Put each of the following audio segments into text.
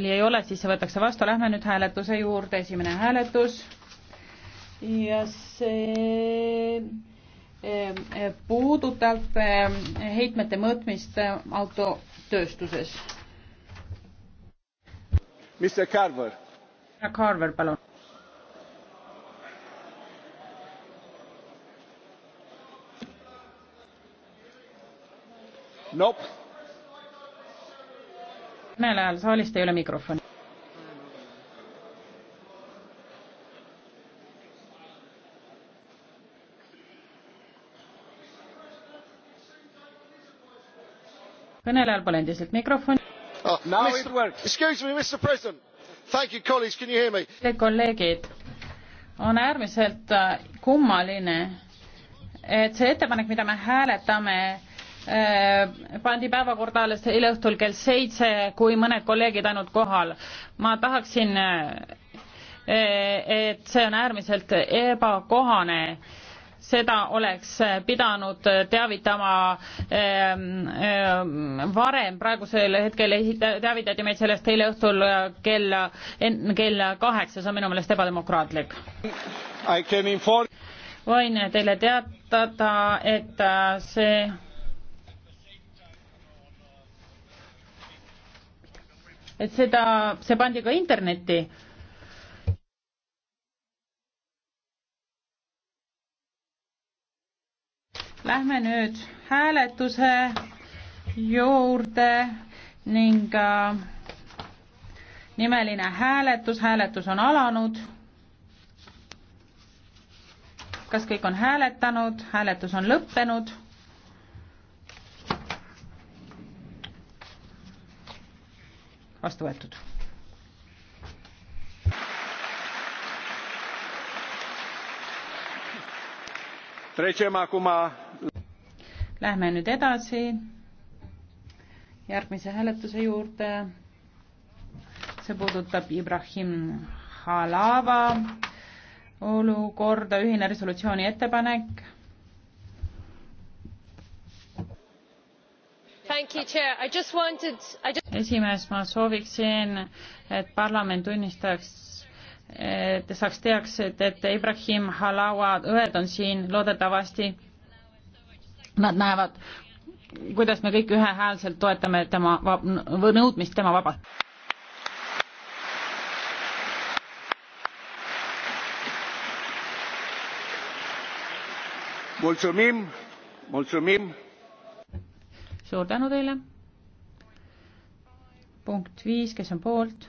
oli, ei ole, siis see võetakse vastu, lähme nüüd hääletuse juurde, esimene hääletus. ja see eh, puudutab eh, heitmete mõõtmist eh, autotööstuses. Mr Carver. härra Carver, palun. Nope kõnelejal saalist ei ole mikrofoni. kõnelejal pole endiselt mikrofoni oh,. kolleegid, on äärmiselt äh, kummaline, et see ettepanek, mida me hääletame, Äh, pandi päevakorda alles eile õhtul kell seitse, kui mõned kolleegid ainult kohal. ma tahaksin, äh, äh, et see on äärmiselt ebakohane seda oleks pidanud teavitama ähm, ähm, varem, praegusel hetkel teavitati meid sellest eile õhtul kella, enne kella kaheksa, see on minu meelest ebademokraatlik. võin teile teatada, et see et seda, see pandi ka internetti. Lähme nüüd hääletuse juurde ning äh, nimeline hääletus, hääletus on alanud. kas kõik on hääletanud, hääletus on lõppenud vastu võetud. Lähme nüüd edasi järgmise hääletuse juurde. see puudutab Ibrahim Halava olukorda, ühine resolutsiooni ettepanek esimees, ma sooviksin, et parlament tunnistaks et saaks teaksid, et Ibrahim Halawa õed on siin loodetavasti. Nad näevad, kuidas me kõik ühehäälselt toetame tema vab, nõudmist tema vabalt. mulțumim, mulțumim suur tänu teile. punkt viis, kes on poolt?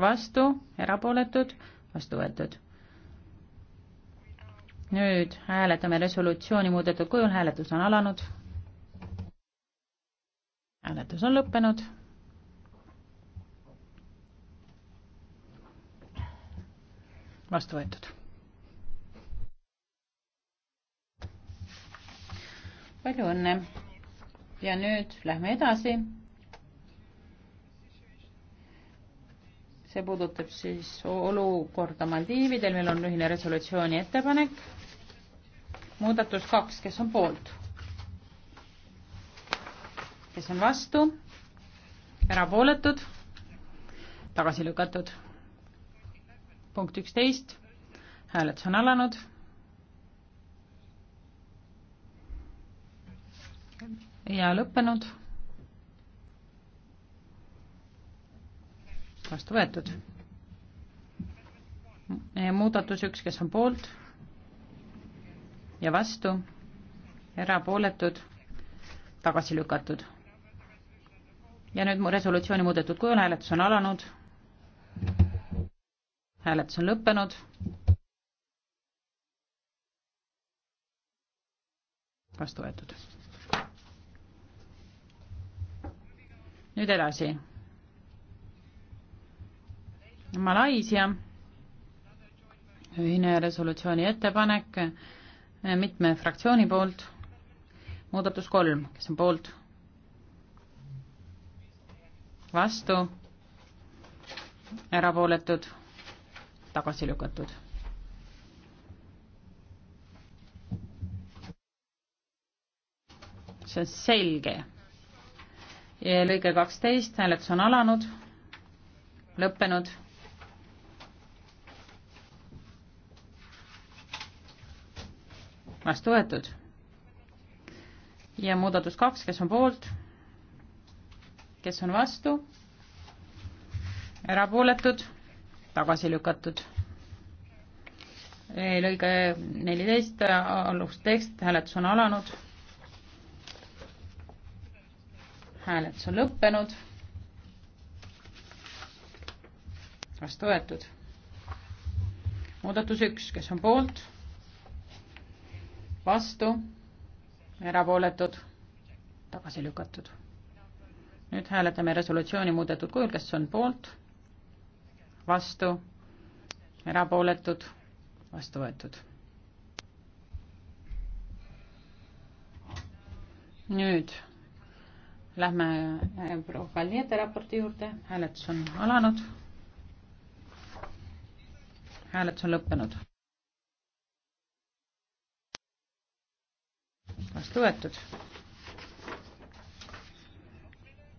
vastu, erapooletud, vastu võetud. nüüd hääletame resolutsiooni muudetud kujul, hääletus on alanud. hääletus on lõppenud. vastu võetud palju õnne. ja nüüd lähme edasi. see puudutab siis olukorda Maldiividel, meil on ühine resolutsiooni ettepanek. muudatus kaks, kes on poolt? kes on vastu? erapooletud? tagasi lükatud? punkt üksteist, hääletus on alanud ja lõppenud. vastu võetud. muudatus üks, kes on poolt ja vastu, erapooletud, tagasi lükatud. ja nüüd mu resolutsiooni muudetud kujul hääletus on alanud. hääletus on lõppenud. vastu võetud nüüd edasi. Malaisia ühine resolutsiooni ettepanek eh, mitme fraktsiooni poolt. muudatus kolm, kes on poolt? vastu? erapooletud? tagasi lükatud? see on selge lõige kaksteist, hääletus on alanud, lõppenud. vastu võetud. ja muudatus kaks, kes on poolt, kes on vastu, erapooletud, tagasi lükatud. lõige neliteist, alustekst, hääletus on alanud hääletus on lõppenud. vastu võetud. muudatus üks, kes on poolt? vastu, erapooletud, tagasi lükatud. nüüd hääletame resolutsiooni muudetud kujul, kes on poolt, vastu, erapooletud, vastu võetud. nüüd Lähme äh, proua Kalniete raporti juurde, hääletus on alanud. hääletus on lõppenud. vastu võetud.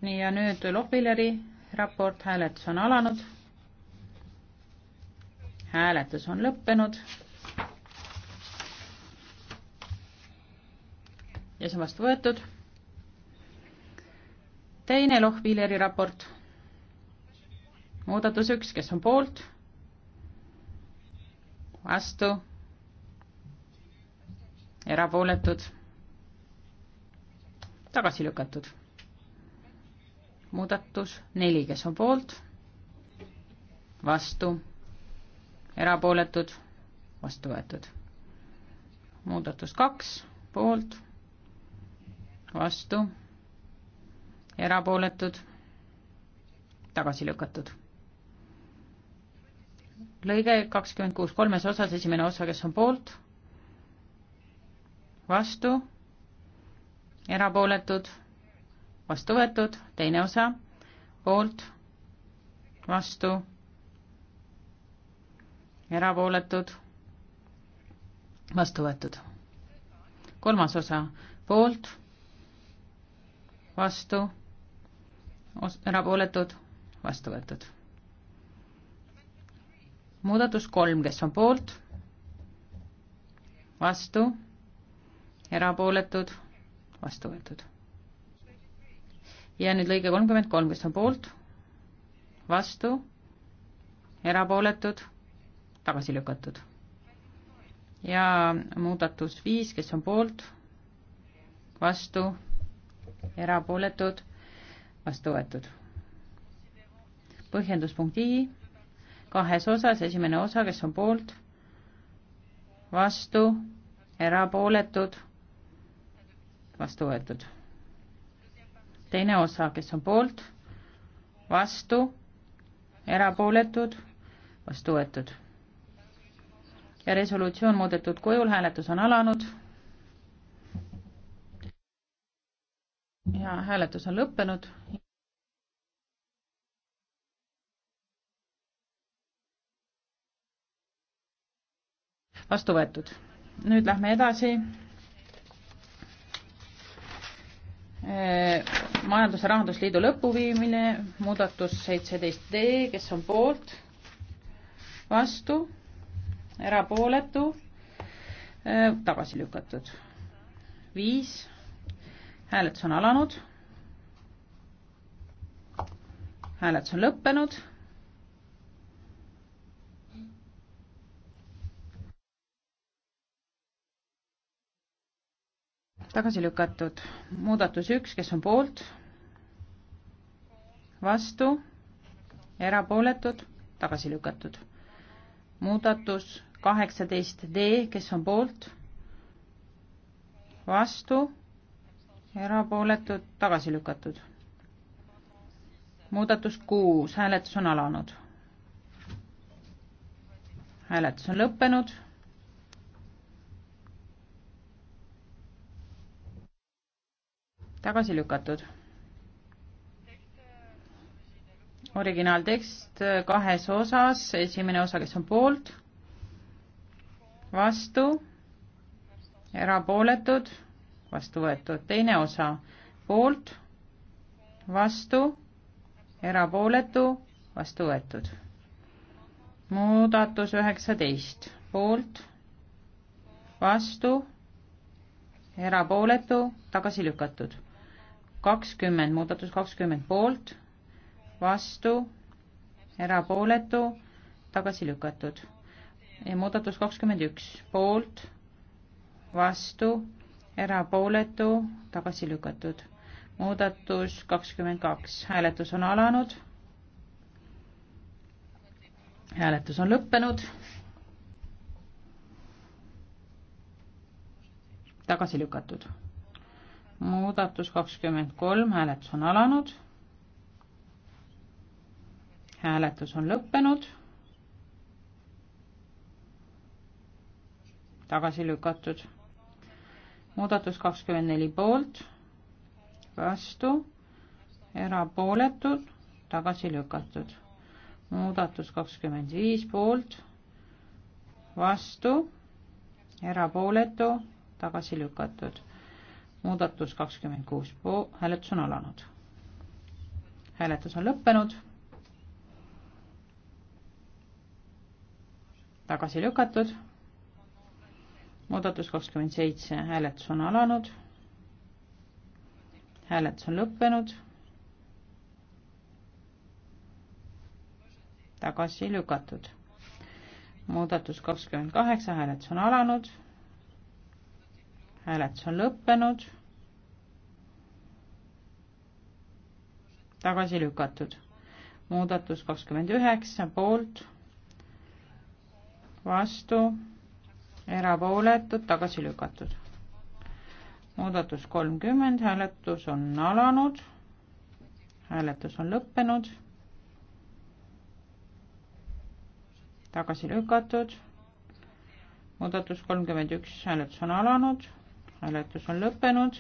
nii ja nüüd Lohvilleri raport, hääletus on alanud. hääletus on lõppenud. ja see on vastu võetud teine Lohvileri raport. muudatus üks, kes on poolt? vastu? erapooletud? tagasi lükatud? muudatus neli, kes on poolt? vastu? erapooletud? vastu võetud. muudatus kaks, poolt? vastu? erapooletud, tagasi lükatud. lõige kakskümmend kuus, kolmes osas, esimene osa, kes on poolt, vastu, erapooletud, vastu võetud, teine osa, poolt, vastu, erapooletud, vastu võetud. kolmas osa, poolt, vastu erapooletud, vastu võetud. muudatus kolm, kes on poolt, vastu, erapooletud, vastu võetud. ja nüüd lõige kolmkümmend kolm, kes on poolt, vastu, erapooletud, tagasi lükatud ja muudatus viis, kes on poolt, vastu, erapooletud, vastu võetud. põhjenduspunkt I kahes osas, esimene osa, kes on poolt, vastu, erapooletud, vastu võetud. teine osa, kes on poolt, vastu, erapooletud, vastu võetud. ja resolutsioon muudetud kujul, hääletus on alanud ja hääletus on lõppenud. vastu võetud. nüüd lähme edasi. Äh, majandus- ja rahandusliidu lõpuviimine, muudatus seitseteist D, kes on poolt, vastu, erapooletu, äh, tagasi lükatud. viis hääletus on alanud. hääletus on lõppenud. tagasi lükatud muudatus üks, kes on poolt, vastu, erapooletud, tagasi lükatud. muudatus kaheksateist D, kes on poolt, vastu erapooletud, tagasi lükatud. muudatus kuus, hääletus on alanud. hääletus on lõppenud. tagasi lükatud. originaaltekst kahes osas, esimene osa, kes on poolt, vastu, erapooletud vastu võetud, teine osa poolt, vastu, erapooletu, vastu võetud. muudatus üheksateist, poolt, vastu, erapooletu, tagasi lükatud. kakskümmend, muudatus kakskümmend poolt, vastu, erapooletu, tagasi lükatud. ja muudatus kakskümmend üks, poolt, vastu erapooletu, tagasi lükatud. muudatus kakskümmend kaks, hääletus on alanud. hääletus on lõppenud. tagasi lükatud. muudatus kakskümmend kolm, hääletus on alanud. hääletus on lõppenud. tagasi lükatud muudatus kakskümmend neli poolt, vastu, erapooletud, tagasi lükatud. muudatus kakskümmend viis poolt, vastu, erapooletu, tagasi lükatud. muudatus kakskümmend kuus, hääletus on alanud. hääletus on lõppenud. tagasi lükatud muudatus kakskümmend seitse, hääletus on alanud. hääletus on lõppenud. tagasi lükatud. muudatus kakskümmend kaheksa, hääletus on alanud. hääletus on lõppenud. tagasi lükatud. muudatus kakskümmend üheksa, poolt, vastu erapooletud, tagasi lükatud. muudatus kolmkümmend, hääletus on alanud, hääletus on lõppenud, tagasi lükatud, muudatus kolmkümmend üks, hääletus on alanud, hääletus on lõppenud,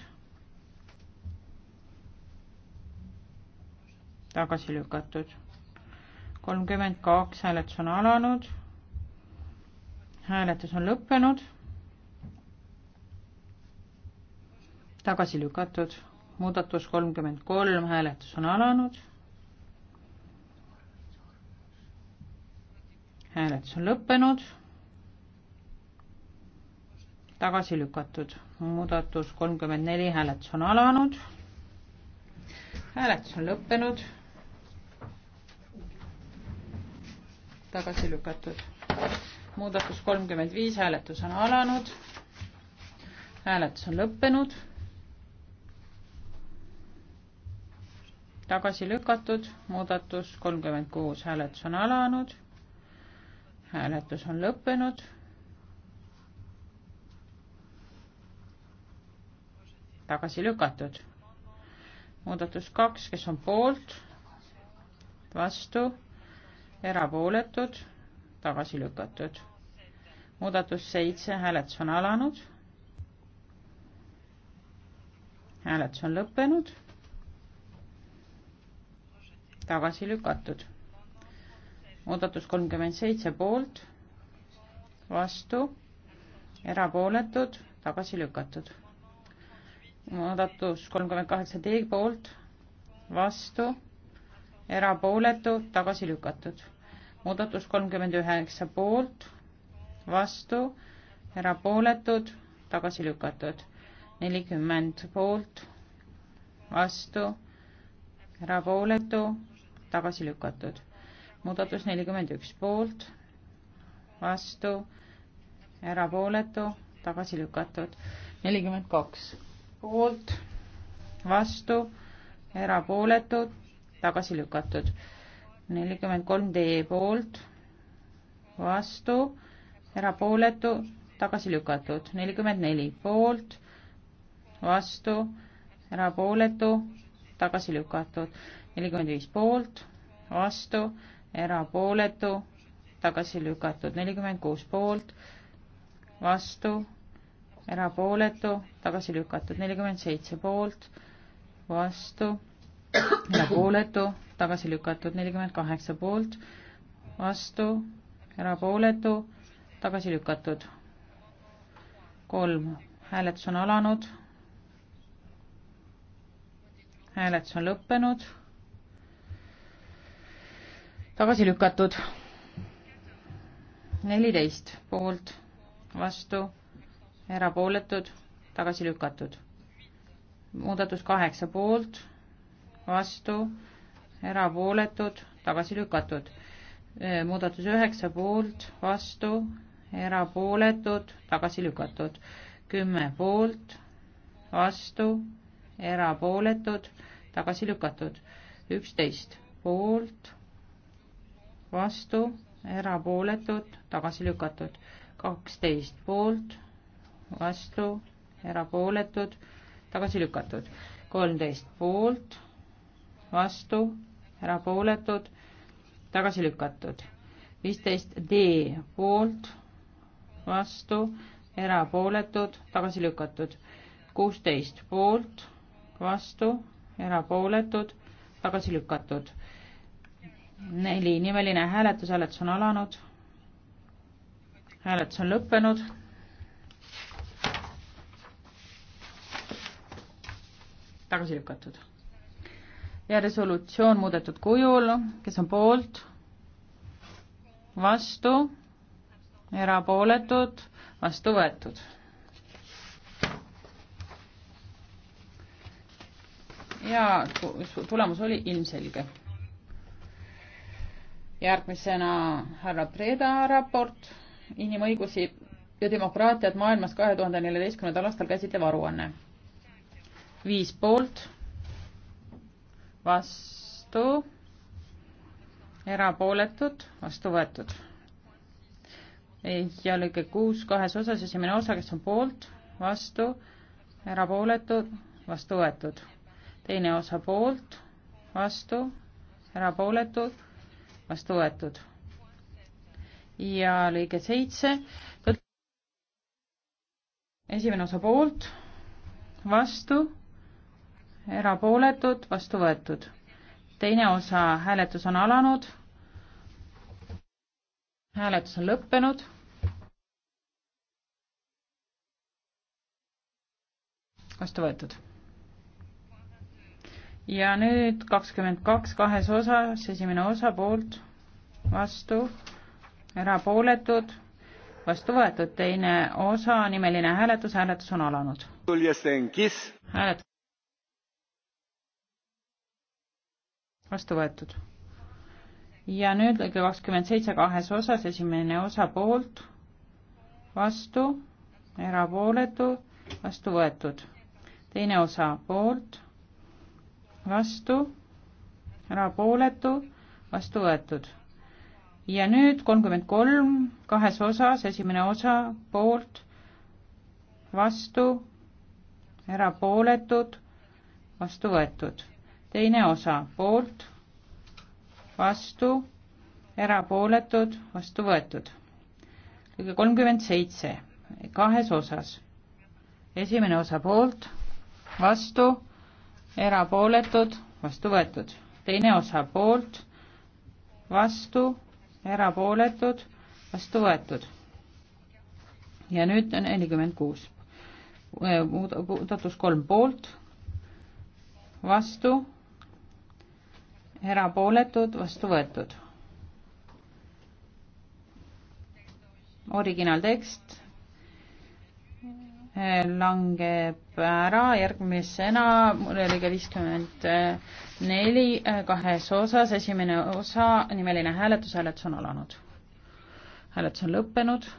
tagasi lükatud, kolmkümmend kaks, hääletus on alanud hääletus on lõppenud. tagasi lükatud, muudatus kolmkümmend kolm, hääletus on alanud. hääletus on lõppenud. tagasi lükatud, muudatus kolmkümmend neli, hääletus on alanud. hääletus on lõppenud. tagasi lükatud muudatus kolmkümmend viis, hääletus on alanud. hääletus on lõppenud. tagasi lükatud, muudatus kolmkümmend kuus, hääletus on alanud. hääletus on lõppenud. tagasi lükatud. muudatus kaks, kes on poolt, vastu, erapooletud tagasi lükatud. muudatus seitse, hääletus on alanud. hääletus on lõppenud. tagasi lükatud. muudatus kolmkümmend seitse poolt, vastu, erapooletud, tagasi lükatud. muudatus kolmkümmend kaheksa D poolt, vastu, erapooletu, tagasi lükatud muudatus kolmkümmend üheksa poolt, vastu, erapooletud, tagasi lükatud. nelikümmend poolt, vastu, erapooletu, tagasi lükatud. muudatus nelikümmend üks poolt, vastu, erapooletu, tagasi lükatud. nelikümmend kaks poolt, vastu, erapooletu, tagasi lükatud nelikümmend kolm D poolt, vastu, erapooletu, tagasi lükatud, nelikümmend neli poolt, vastu, erapooletu, tagasi lükatud, nelikümmend viis poolt, vastu, erapooletu, tagasi lükatud, nelikümmend kuus poolt, vastu, erapooletu, tagasi lükatud, nelikümmend seitse poolt, vastu erapooletu, tagasi lükatud nelikümmend kaheksa poolt, vastu, erapooletu, tagasi lükatud. kolm, hääletus on alanud. hääletus on lõppenud. tagasi lükatud. neliteist poolt, vastu, erapooletud, tagasi lükatud. muudatus kaheksa poolt vastu, erapooletud, tagasi lükatud. muudatus üheksa poolt, vastu, erapooletud, tagasi lükatud. kümme poolt, vastu, erapooletud, tagasi lükatud. üksteist poolt, vastu, erapooletud, tagasi lükatud. kaksteist poolt, vastu, erapooletud, tagasi lükatud. kolmteist poolt vastu, erapooletud, tagasi lükatud. viisteist D poolt, vastu, erapooletud, tagasi lükatud. kuusteist poolt, vastu, erapooletud, tagasi lükatud. neli nimeline hääletus, hääletus on alanud. hääletus on lõppenud tagasi lükatud ja resolutsioon muudetud kujul, kes on poolt, vastu, erapooletud, vastu võetud. ja tulemus oli ilmselge. järgmisena härra Preda raport, inimõigusi ja demokraatiat maailmas kahe tuhande neljateistkümnendal aastal käsitlev aruanne. viis poolt vastu, erapooletud, vastu võetud. ja lõige kuus kahes osas, esimene osa, kes on poolt, vastu, erapooletud, vastu võetud. teine osa poolt, vastu, erapooletud, vastu võetud. ja lõige seitse, esimene osa poolt, vastu erapooletud, vastu võetud. teine osa, hääletus on alanud. hääletus on lõppenud. vastu võetud. ja nüüd kakskümmend kaks kahes osas, esimene osa poolt, vastu, erapooletud, vastu võetud, teine osa, nimeline hääletus, hääletus on alanud. hääletus vastu võetud. ja nüüd lõige kakskümmend seitse kahes osas, esimene osa poolt, vastu, erapooletu, vastu võetud. teine osa poolt, vastu, erapooletu, vastu võetud. ja nüüd kolmkümmend kolm kahes osas, esimene osa poolt, vastu, erapooletud, vastu võetud teine osa poolt, vastu, erapooletud, vastu võetud. lõige kolmkümmend seitse, kahes osas. esimene osa poolt, vastu, erapooletud, vastu võetud. teine osa poolt, vastu, erapooletud, vastu võetud. ja nüüd on nelikümmend kuus muudatus kolm poolt, vastu, erapooletud, vastu võetud. originaaltekst eh, langeb ära, järgmisena lõige viiskümmend neli eh, kahes osas, esimene osa, nimeline hääletus, hääletus on alanud. hääletus on lõppenud.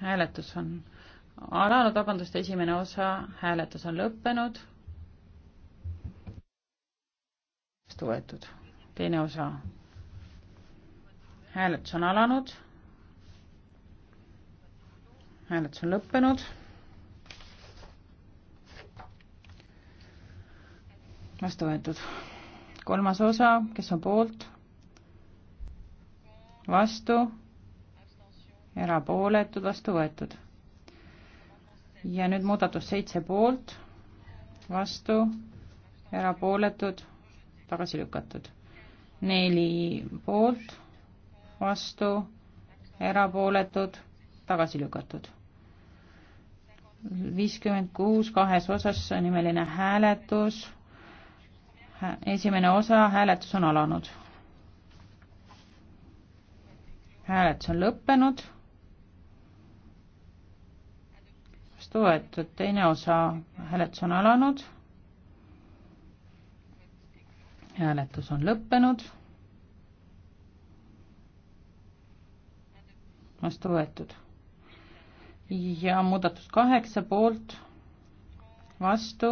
hääletus on alanud, vabandust, esimene osa, hääletus on lõppenud vastu võetud. teine osa. hääletus on alanud. hääletus on lõppenud. vastu võetud. kolmas osa, kes on poolt? vastu? erapooletud, vastu võetud. ja nüüd muudatus seitse poolt, vastu, erapooletud, tagasi lükatud. neli poolt, vastu, erapooletud, tagasi lükatud. viiskümmend kuus kahes osas nimeline hääletus. esimene osa, hääletus on alanud. hääletus on lõppenud. vastu võetud, teine osa, hääletus on alanud hääletus on lõppenud. vastu võetud. ja muudatus kaheksa poolt, vastu,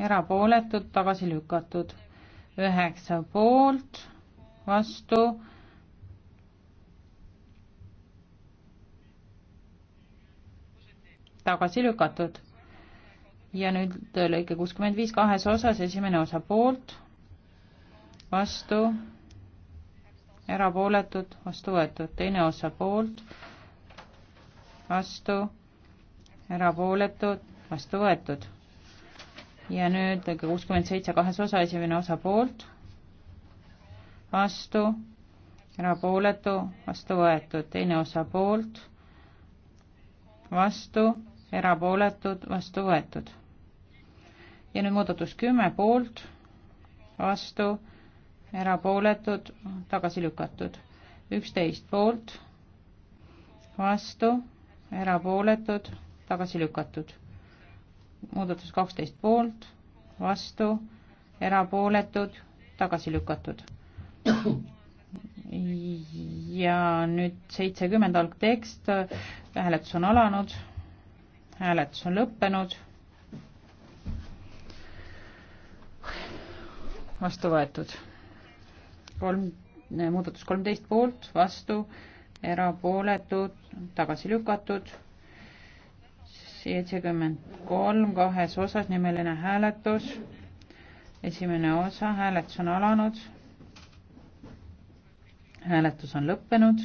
erapooletud, tagasi lükatud. üheksa poolt, vastu. tagasi lükatud ja nüüd lõike kuuskümmend viis kahes osas, esimene osa poolt vastu, erapooletud, vastu võetud, teine osa poolt, vastu, erapooletud, vastu võetud. ja nüüd kuuskümmend seitse kahes osa, esimene osa poolt, vastu, erapooletu, vastu võetud, teine osa poolt, vastu, erapooletud, vastu võetud. ja nüüd muudatus kümme poolt, vastu, erapooletud, tagasi lükatud. üksteist poolt, vastu, erapooletud, tagasi lükatud. muudatus kaksteist poolt, vastu, erapooletud, tagasi lükatud. ja nüüd seitsekümmend algtekst, hääletus on alanud, hääletus on lõppenud vastu võetud kolm, muudatus kolmteist poolt, vastu, erapooletud, tagasi lükatud. seitsekümmend kolm kahes osas nimeline hääletus. esimene osa, hääletus on alanud. hääletus on lõppenud.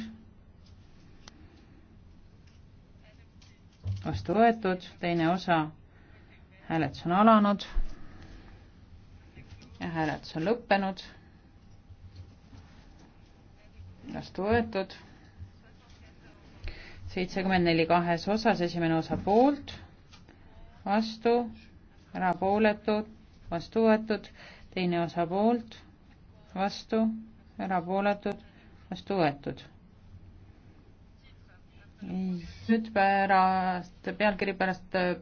vastu võetud, teine osa, hääletus on alanud. ja hääletus on lõppenud vastu võetud. seitsekümmend neli kahes osas, esimene osa poolt, vastu, erapooletud, vastu võetud, teine osa poolt, vastu, erapooletud, vastu võetud nüüd pärast, pealkiri pärast äh,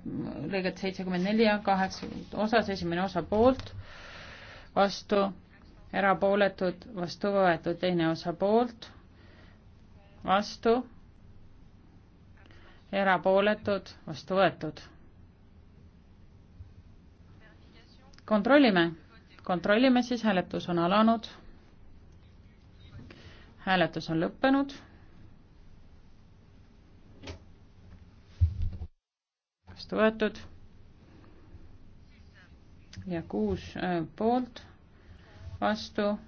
lõiget seitsekümmend neli ja kaheksa osas, esimene osa poolt, vastu, erapooletud, vastu võetud, teine osa poolt, vastu, erapooletud, vastu võetud. kontrollime, kontrollime siis, hääletus on alanud. hääletus on lõppenud. vastu võetud ja kuus äh, poolt vastu,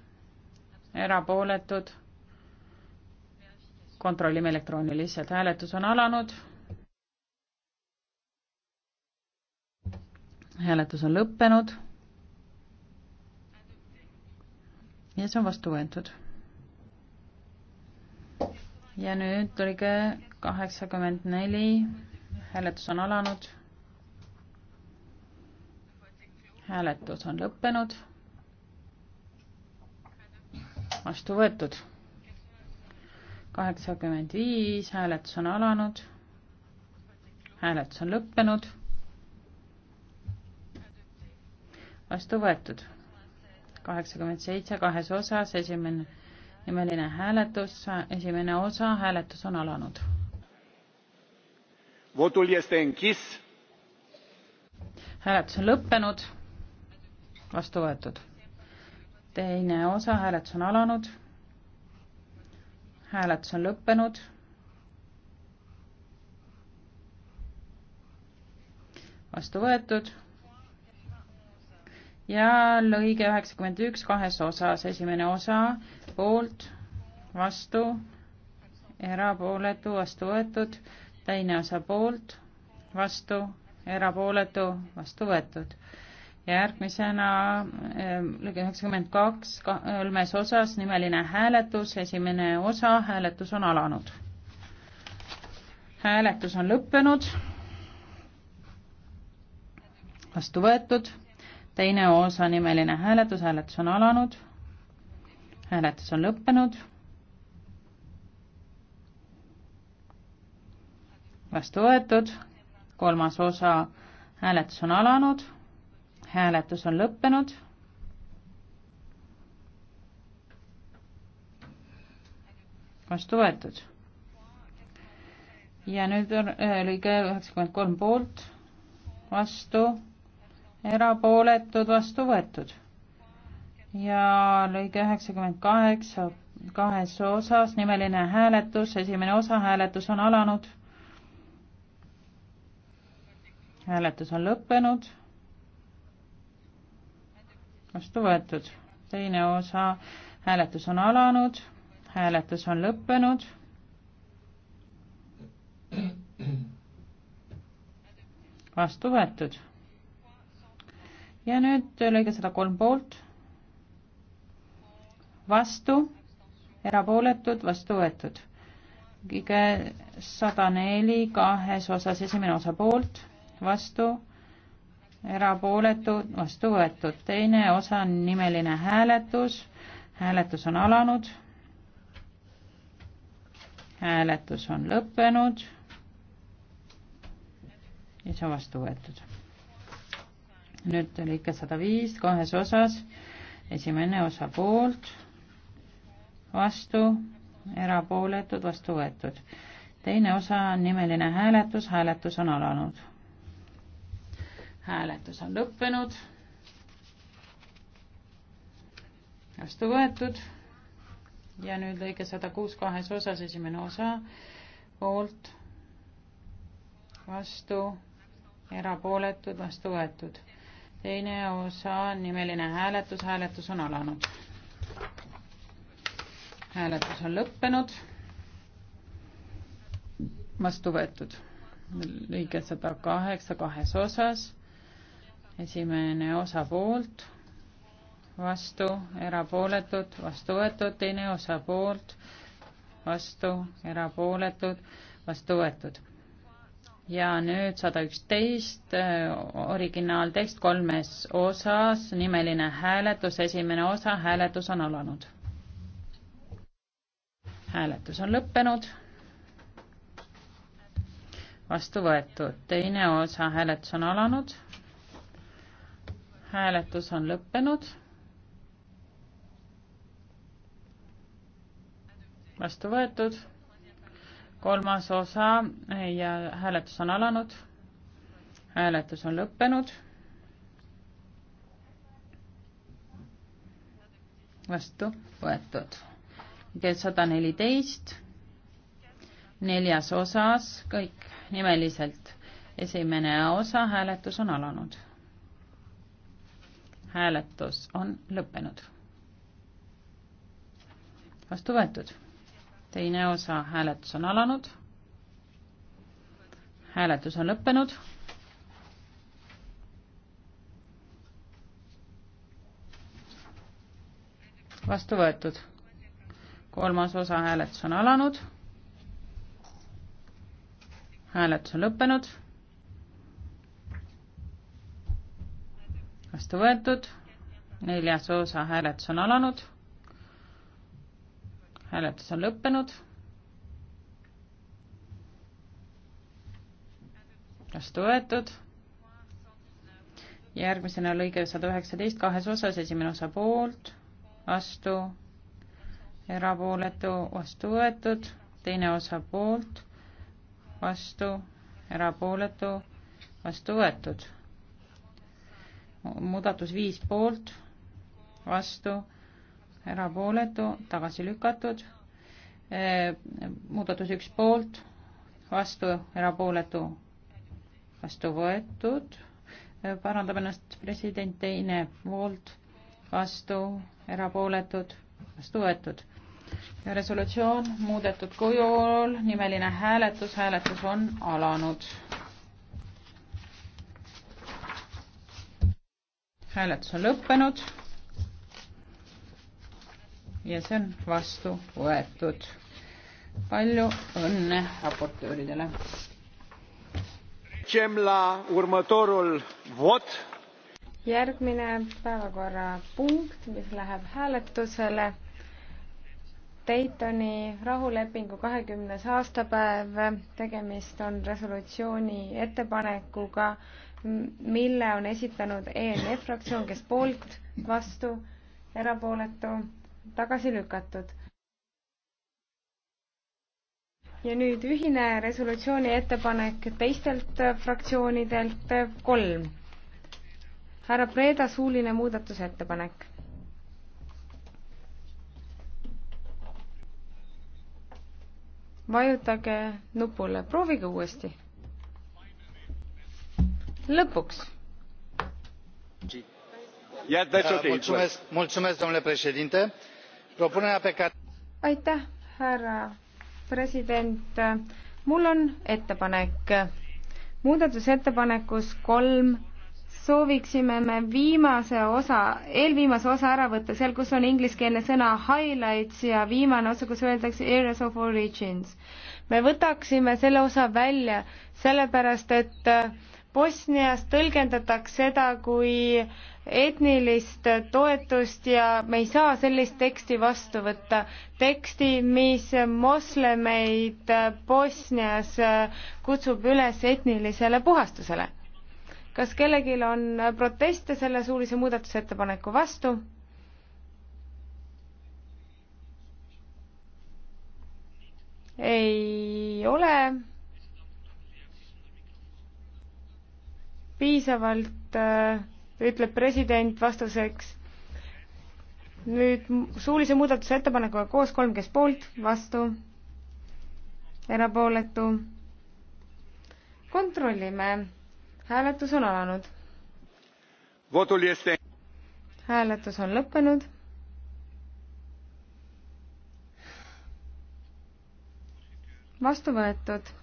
erapooletud. kontrollime elektrooniliselt, hääletus on alanud. hääletus on lõppenud. ja see on vastu võetud. ja nüüd lõige kaheksakümmend neli, hääletus on alanud. hääletus on lõppenud vastu võetud. kaheksakümmend viis, hääletus on alanud. hääletus on lõppenud. vastu võetud. kaheksakümmend seitse kahes osas, esimene nimeline hääletus, esimene osa, hääletus on alanud. hääletus on lõppenud. vastu võetud teine osa, hääletus on alanud. hääletus on lõppenud. vastu võetud. ja lõige üheksakümmend üks kahes osas, esimene osa poolt, vastu, erapooletu, vastu võetud, teine osa poolt, vastu, erapooletu, vastu võetud järgmisena ähm, lõige üheksakümmend kaks kolmes osas nimeline hääletus, esimene osa, hääletus on alanud. hääletus on lõppenud. vastu võetud, teine osa nimeline hääletus, hääletus on alanud. hääletus on lõppenud. vastu võetud, kolmas osa, hääletus on alanud hääletus on lõppenud. vastu võetud. ja nüüd on äh, lõige üheksakümmend kolm poolt, vastu, erapooletud, vastu võetud. ja lõige üheksakümmend kaheksa kahes osas, nimeline hääletus, esimene osa hääletus on alanud. hääletus on lõppenud vastu võetud. teine osa, hääletus on alanud, hääletus on lõppenud. vastu võetud. ja nüüd lõige sada kolm poolt, vastu, erapooletud, vastu võetud. kõige sada neli kahes osas, esimene osa poolt, vastu erapooletud, vastu võetud. teine osa on nimeline hääletus. hääletus on alanud. hääletus on lõppenud. ja see on vastu võetud. nüüd lõike sada viis kahes osas. esimene osa poolt, vastu, erapooletud, vastu võetud. teine osa on nimeline hääletus, hääletus on alanud hääletus on lõppenud. vastu võetud. ja nüüd lõige sada kuus kahes osas, esimene osa poolt, vastu, erapooletud, vastu võetud. teine osa, nimeline hääletus, hääletus on alanud. hääletus on lõppenud. vastu võetud. lõige sada kaheksa kahes osas esimene osa poolt, vastu, erapooletud, vastu võetud, teine osa poolt, vastu, erapooletud, vastu võetud. ja nüüd sada üksteist, eh, originaaltekst kolmes osas, nimeline hääletus, esimene osa, hääletus on alanud. hääletus on lõppenud vastu võetud. teine osa hääletus on alanud hääletus on lõppenud. vastu võetud. kolmas osa ja hääletus on alanud. hääletus on lõppenud. vastu võetud. kell sada neliteist, neljas osas kõik nimeliselt. esimene osa, hääletus on alanud hääletus on lõppenud. vastu võetud. teine osa, hääletus on alanud. hääletus on lõppenud. vastu võetud. kolmas osa, hääletus on alanud. hääletus on lõppenud vastu võetud, neljas osa hääletus on alanud, hääletus on lõppenud, vastu võetud, järgmisena lõige sada üheksateist kahes osas, esimene osa poolt, vastu, erapooletu, vastu võetud, teine osa poolt, vastu, erapooletu, vastu võetud muudatus viis poolt, vastu, erapooletu, tagasi lükatud. muudatus üks poolt, vastu, erapooletu, vastu võetud. parandab ennast president teine poolt, vastu, erapooletud, vastu võetud. ja resolutsioon muudetud kujul, nimeline hääletus, hääletus on alanud hääletus on lõppenud. ja see on vastu võetud. palju õnne raportööridele. järgmine päevakorrapunkt, mis läheb hääletusele Daytoni rahulepingu kahekümnes aastapäev, tegemist on resolutsiooni ettepanekuga mille on esitanud ENF fraktsioon, kes poolt, vastu, erapooletu, tagasi lükatud. ja nüüd ühine resolutsiooni ettepanek teistelt fraktsioonidelt kolm. härra Preeda suuline muudatusettepanek vajutage nupule, proovige uuesti lõpuks. domnule președinte propunerea pe care. aitäh härra president mul on ettepanek muudatusettepanekus kolm sooviksime me viimase osa, eelviimase osa ära võtta, seal, kus on ingliskeelne sõna highlights ja viimane osa, kus öeldakse areas of origins. me võtaksime selle osa välja, sellepärast et äh, Bosnias tõlgendataks seda kui etnilist toetust ja me ei saa sellist teksti vastu võtta. teksti, mis moslemeid Bosnias kutsub üles etnilisele puhastusele. kas kellelgi on proteste selle suulise muudatusettepaneku vastu? ei ole piisavalt, äh, ütleb president vastuseks. nüüd suulise muudatusettepanekuga koos kolm, kes poolt, vastu, erapooletu. kontrollime, hääletus on alanud. hääletus on lõppenud vastu võetud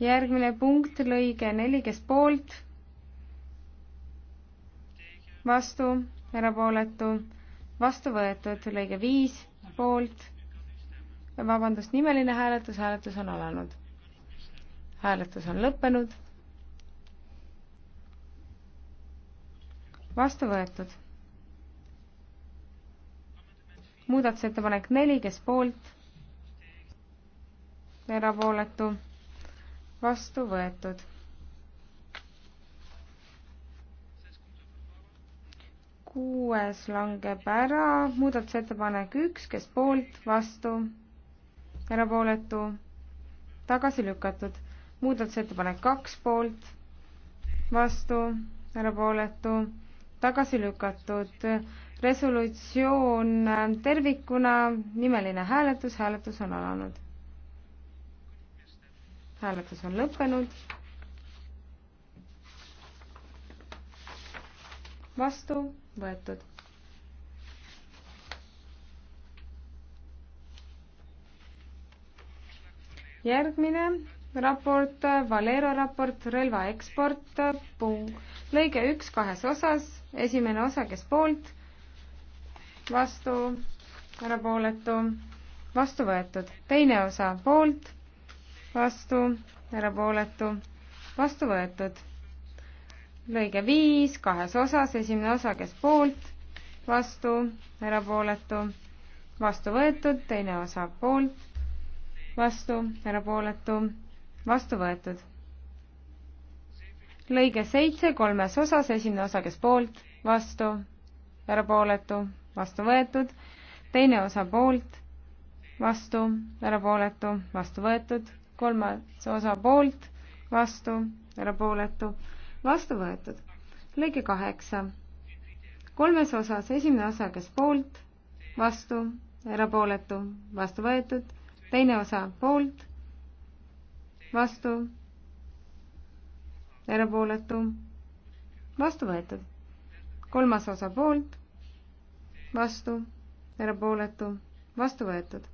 järgmine punkt, lõige neli, kes poolt, vastu, erapooletu, vastu võetud, lõige viis, poolt, vabandust, nimeline hääletus, hääletus on alanud. hääletus on lõppenud. vastu võetud. muudatusettepanek neli, kes poolt, erapooletu vastu võetud. kuues langeb ära, muudatusettepanek üks, kes poolt, vastu, erapooletu, tagasi lükatud. muudatusettepanek kaks poolt, vastu, erapooletu, tagasi lükatud. resolutsioon tervikuna, nimeline hääletus, hääletus on alanud hääletus on lõppenud. vastu võetud. järgmine raport, Valero raport, relvaeksport, lõige üks kahes osas, esimene osa, kes poolt, vastu, erapooletu, vastu võetud, teine osa poolt vastu, erapooletu, vastu võetud. lõige viis kahes osas, esimene osa, kes poolt, vastu, erapooletu, vastu võetud, teine osa poolt, vastu, erapooletu, vastu võetud. lõige seitse kolmes osas, esimene osa, kes poolt, vastu, erapooletu, vastu võetud, teine osa poolt, vastu, erapooletu, vastu võetud kolmas osa poolt, vastu, erapooletu, vastu võetud. lõige kaheksa, kolmes osas, esimene osa, kes poolt, vastu, erapooletu, vastu võetud, teine osa poolt, vastu, erapooletu, vastu võetud, kolmas osa poolt, vastu, erapooletu, vastu võetud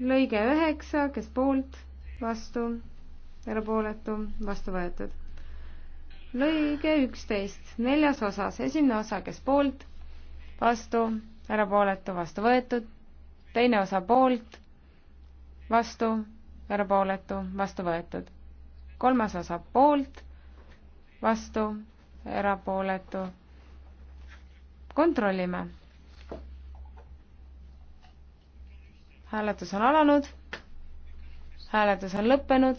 lõige üheksa, kes poolt, vastu, erapooletu, vastu võetud. lõige üksteist, neljas osas, esimene osa, kes poolt, vastu, erapooletu, vastu võetud, teine osa poolt, vastu, erapooletu, vastu võetud. kolmas osa poolt, vastu, erapooletu. kontrollime hääletus on alanud, hääletus on lõppenud.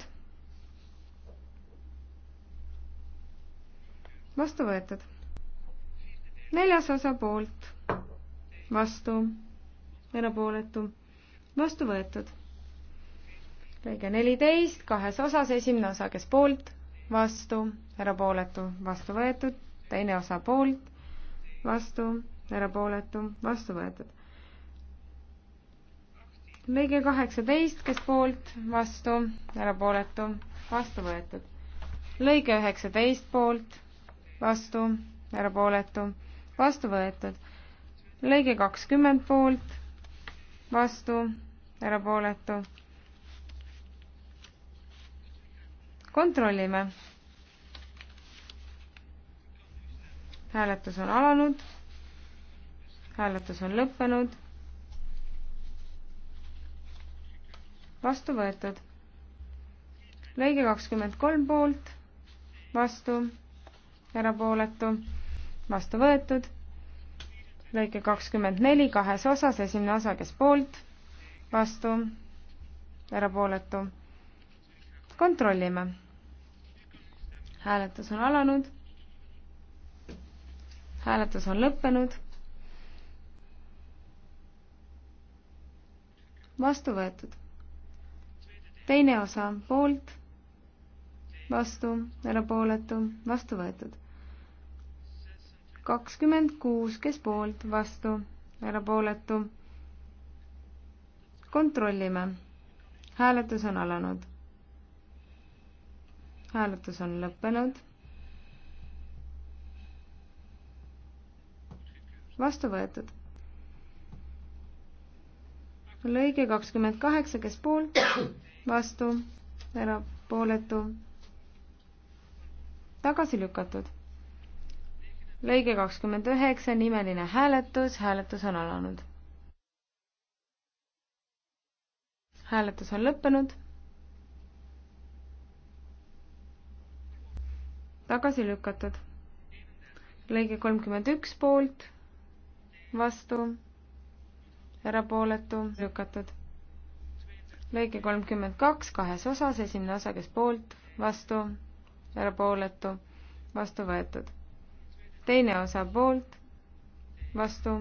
vastu võetud. neljas osa poolt, vastu, erapooletu, vastu võetud. lõige neliteist, kahes osas, esimene osa, kes poolt, vastu, erapooletu, vastu võetud, teine osa poolt, vastu, erapooletu, vastu võetud lõige kaheksateist, kes poolt, vastu, erapooletu, vastu võetud. lõige üheksateist poolt, vastu, erapooletu, vastu võetud. lõige kakskümmend poolt, vastu, erapooletu. kontrollime. hääletus on alanud. hääletus on lõppenud vastu võetud. lõige kakskümmend kolm poolt, vastu, erapooletu, vastu võetud. lõige kakskümmend neli kahes osas, esimene osa, kes poolt, vastu, erapooletu. kontrollime. hääletus on alanud. hääletus on lõppenud. vastu võetud teine osa poolt, vastu, erapooletu, vastu võetud. kakskümmend kuus, kes poolt, vastu, erapooletu. kontrollime. hääletus on alanud. hääletus on lõppenud. vastu võetud lõige kakskümmend kaheksa, kes poolt, vastu, erapooletu, tagasi lükatud. lõige kakskümmend üheksa, nimeline hääletus, hääletus on alanud. hääletus on lõppenud. tagasi lükatud. lõige kolmkümmend üks poolt, vastu, erapooletu, lükatud lõige kolmkümmend kaks kahes osas, esimene osa, kes poolt, vastu, erapooletu, vastu võetud. teine osa poolt, vastu,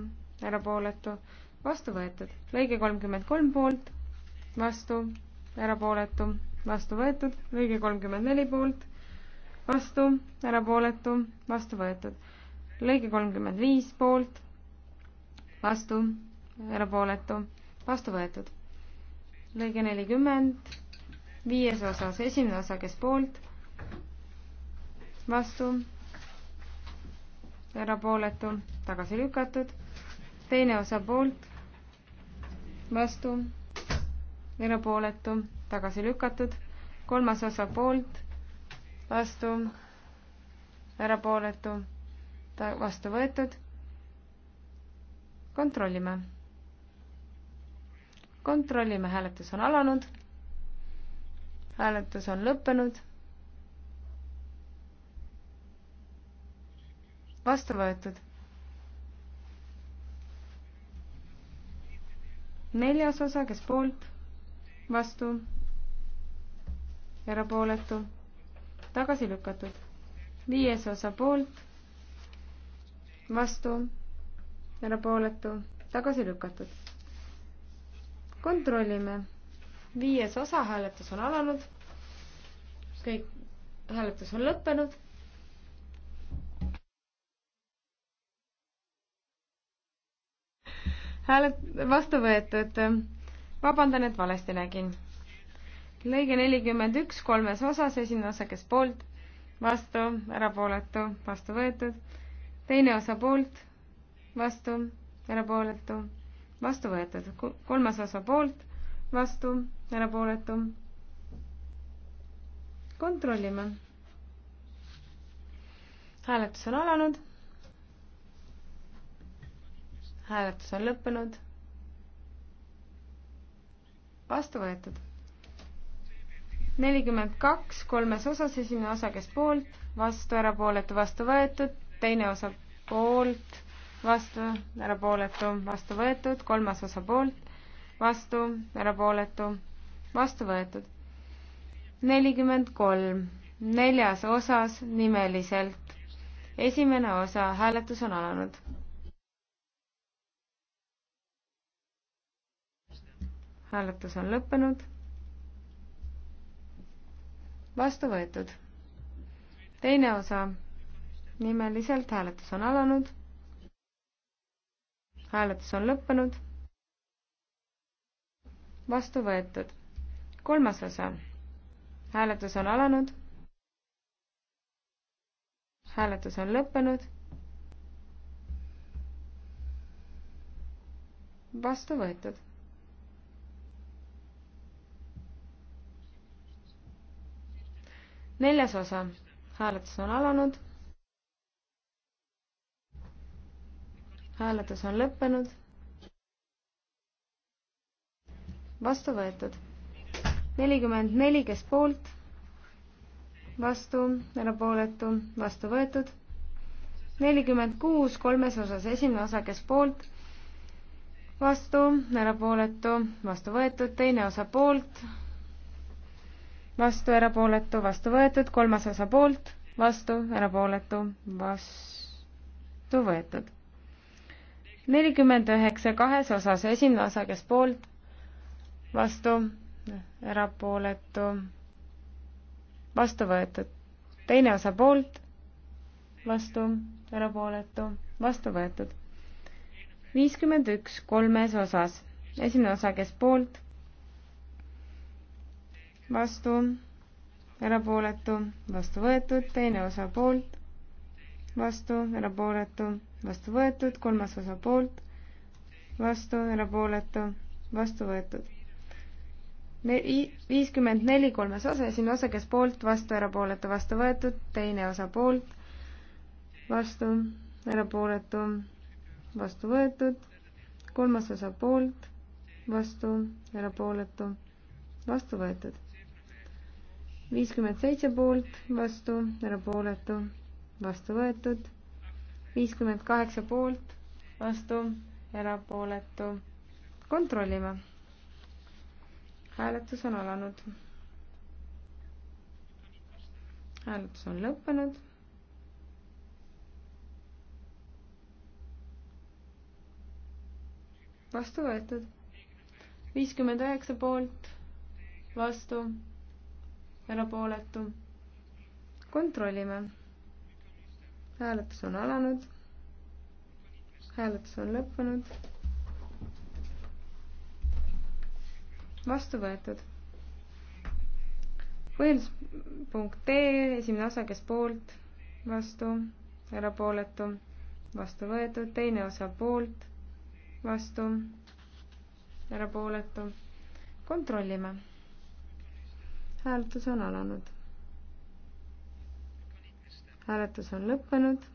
erapooletu, vastu võetud. lõige kolmkümmend kolm poolt, vastu, erapooletu, vastu võetud. lõige kolmkümmend neli poolt, vastu, erapooletu, vastu võetud. lõige kolmkümmend viis poolt, vastu, erapooletu, vastu võetud lõige nelikümmend, viies osas, esimene osa, kes poolt, vastu, erapooletu, tagasi lükatud, teine osa poolt, vastu, erapooletu, tagasi lükatud, kolmas osa poolt, vastu, erapooletu, vastu võetud. kontrollime kontrollime, hääletus on alanud. hääletus on lõppenud. vastu võetud. neljas osa, kes poolt, vastu, erapooletu, tagasi lükatud. viies osa poolt, vastu, erapooletu, tagasi lükatud kontrollime. viies osa hääletus on alanud. kõik, hääletus on lõppenud. hääled vastu võetud. vabandan, et valesti nägin. lõige nelikümmend üks kolmes osas, esimene osa, kes poolt, vastu, erapooletu, vastu võetud. teine osa poolt, vastu, erapooletu vastu võetud, kolmas osa poolt, vastu, erapooletu. kontrollime. hääletus on alanud. hääletus on lõppenud. vastu võetud. nelikümmend kaks, kolmes osas, esimene osa, kes poolt, vastu, erapooletu, vastu võetud, teine osa poolt vastu, erapooletu, vastu võetud, kolmas osa poolt, vastu, erapooletu, vastu võetud. nelikümmend kolm, neljas osas nimeliselt. esimene osa, hääletus on alanud. hääletus on lõppenud. vastu võetud. teine osa, nimeliselt hääletus on alanud hääletus on lõppenud. vastu võetud. kolmas osa. hääletus on alanud. hääletus on lõppenud. vastu võetud. neljas osa. hääletus on alanud hääletus on lõppenud. vastu võetud. nelikümmend neli, kes poolt, vastu, erapooletu, vastu võetud. nelikümmend kuus, kolmes osas esimene osa, kes poolt, vastu, erapooletu, vastu võetud, teine osa poolt, vastu, erapooletu, vastu võetud, kolmas osa poolt, vastu, erapooletu, vastu võetud nelikümmend üheksa kahes osas, esimene osa, kes poolt, vastu, erapooletu, vastu võetud. teine osa poolt, vastu, erapooletu, vastu võetud. viiskümmend üks kolmes osas, esimene osa, kes poolt, vastu, erapooletu, vastu võetud, teine osa poolt, vastu, erapooletu, vastu võetud, kolmas osa poolt, vastu, erapooletu, vastu võetud. viiskümmend neli kolmes osa, esimene osa, kes poolt, vastu, erapooletu, vastu võetud, teine osa poolt, vastu, erapooletu, vastu võetud, kolmas osa poolt, vastu, erapooletu, vastu võetud. viiskümmend seitse poolt, vastu, erapooletu vastu võetud, viiskümmend kaheksa poolt, vastu, erapooletu. kontrollime. hääletus on alanud. hääletus on lõppenud. vastu võetud, viiskümmend üheksa poolt, vastu, erapooletu. kontrollime hääletus on alanud. hääletus on lõppenud. vastu võetud. põhjenduspunkt D, esimene osa, kes poolt, vastu, erapooletu, vastu võetud, teine osa poolt, vastu, erapooletu. kontrollime. hääletus on alanud hääletus on lõppenud.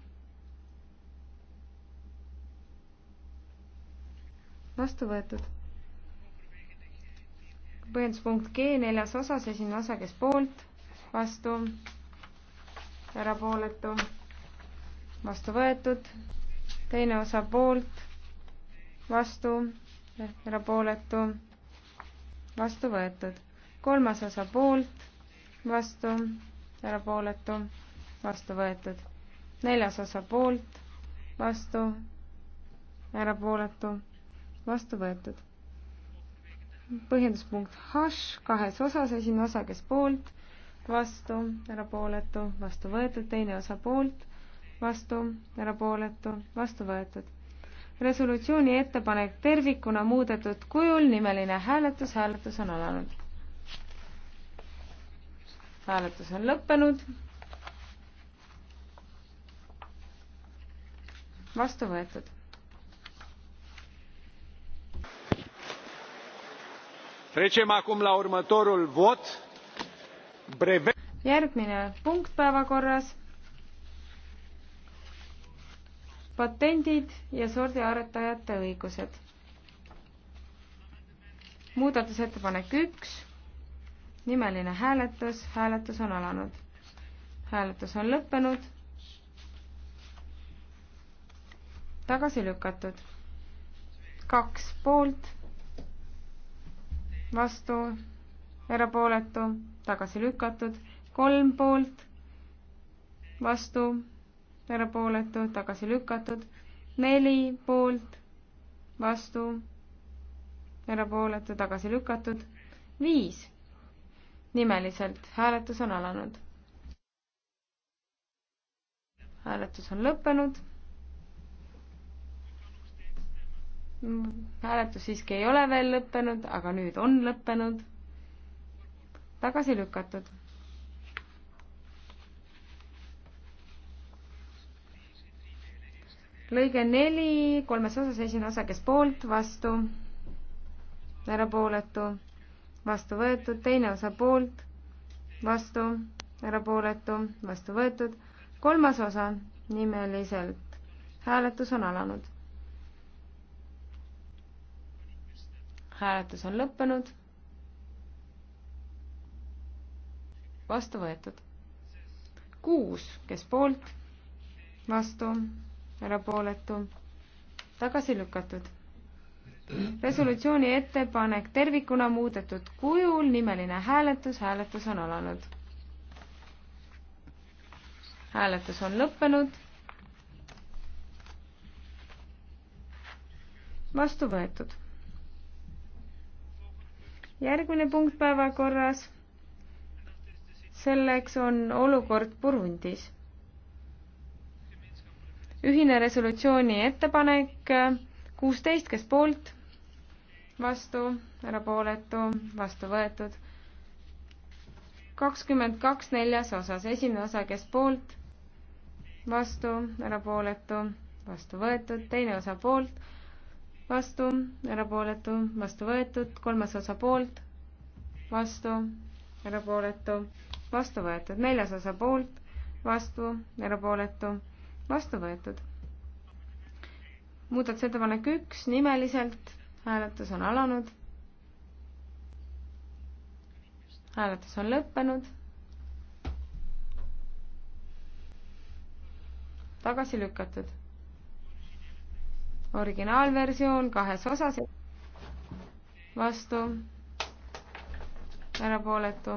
vastu võetud. põhjenduspunkt G neljas osas, esimene osa, kes poolt, vastu, erapooletu, vastu võetud, teine osa poolt, vastu, erapooletu, vastu võetud, kolmas osa poolt, vastu, erapooletu vastu võetud. neljas osa poolt, vastu, erapooletu, vastu võetud. põhjenduspunkt H kahes osas, esimene osa, kes poolt, vastu, erapooletu, vastu võetud, teine osa poolt, vastu, erapooletu, vastu võetud. resolutsiooni ettepanek tervikuna muudetud kujul, nimeline hääletus, hääletus on alanud. hääletus on lõppenud vastu võetud. järgmine punkt päevakorras. patendid ja sordiaretajate õigused. muudatusettepanek üks, nimeline hääletus, hääletus on alanud. hääletus on lõppenud tagasi lükatud. kaks poolt, vastu, erapooletu, tagasi lükatud, kolm poolt, vastu, erapooletu, tagasi lükatud, neli poolt, vastu, erapooletu, tagasi lükatud, viis. nimeliselt hääletus on alanud hääletus on lõppenud hääletus siiski ei ole veel lõppenud, aga nüüd on lõppenud. tagasi lükatud. lõige neli, kolmes osas, esimene osa, kes poolt, vastu, erapooletu, vastu võetud, teine osa poolt, vastu, erapooletu, vastu võetud, kolmas osa nimeliselt. hääletus on alanud hääletus on lõppenud. vastu võetud. kuus, kes poolt, vastu, erapooletu, tagasi lükatud. resolutsiooni ettepanek tervikuna muudetud kujul, nimeline hääletus, hääletus on alanud. hääletus on lõppenud. vastu võetud järgmine punkt päevakorras. selleks on olukord Burundis. ühine resolutsiooni ettepanek kuusteist, kes poolt, vastu, erapooletu, vastu võetud. kakskümmend kaks neljas osas, esimene osa, kes poolt, vastu, erapooletu, vastu võetud, teine osa poolt vastu, erapooletu, vastu võetud, kolmas osa poolt, vastu, erapooletu, vastu võetud, neljas osa poolt, vastu, erapooletu, vastu võetud. muudatusettepanek üks nimeliselt, hääletus on alanud. hääletus on lõppenud. tagasi lükatud originaalversioon kahes osas. vastu, erapooletu,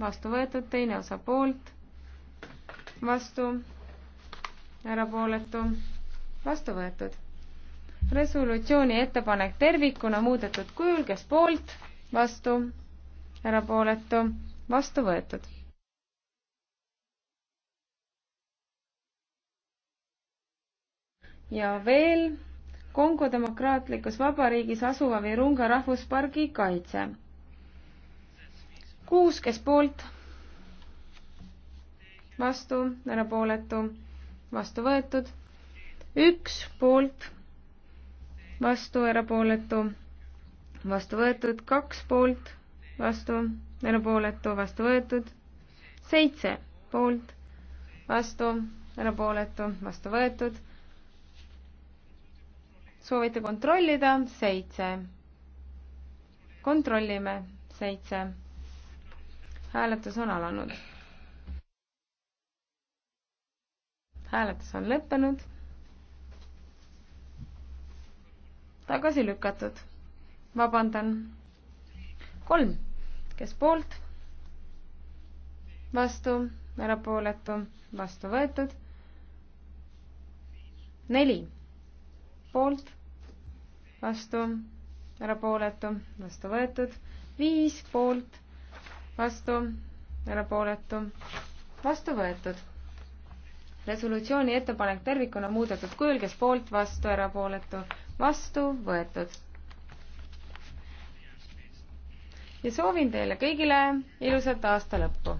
vastu võetud, teine osa poolt, vastu, erapooletu, vastu võetud. resolutsiooni ettepanek tervikuna muudetud kujul, kes poolt, vastu, erapooletu, vastu võetud ja veel Kongo Demokraatlikus Vabariigis asuva Virunga rahvuspargi kaitse. kuus, kes poolt, vastu, erapooletu, vastu võetud, üks poolt, vastu, erapooletu, vastu võetud, kaks poolt, vastu, erapooletu, vastu võetud, seitse poolt, vastu, erapooletu, vastu võetud soovite kontrollida, seitse. kontrollime, seitse. hääletus on alanud. hääletus on lõppenud. tagasi lükatud. vabandan. kolm, kes poolt? vastu, erapooletu, vastu võetud. neli poolt, vastu, erapooletu, vastu võetud, viis poolt, vastu, erapooletu, vastu võetud. resolutsiooni ettepanek tervikuna muudetud kujul, kes poolt, vastu, erapooletu, vastu võetud. ja soovin teile kõigile ilusat aasta lõppu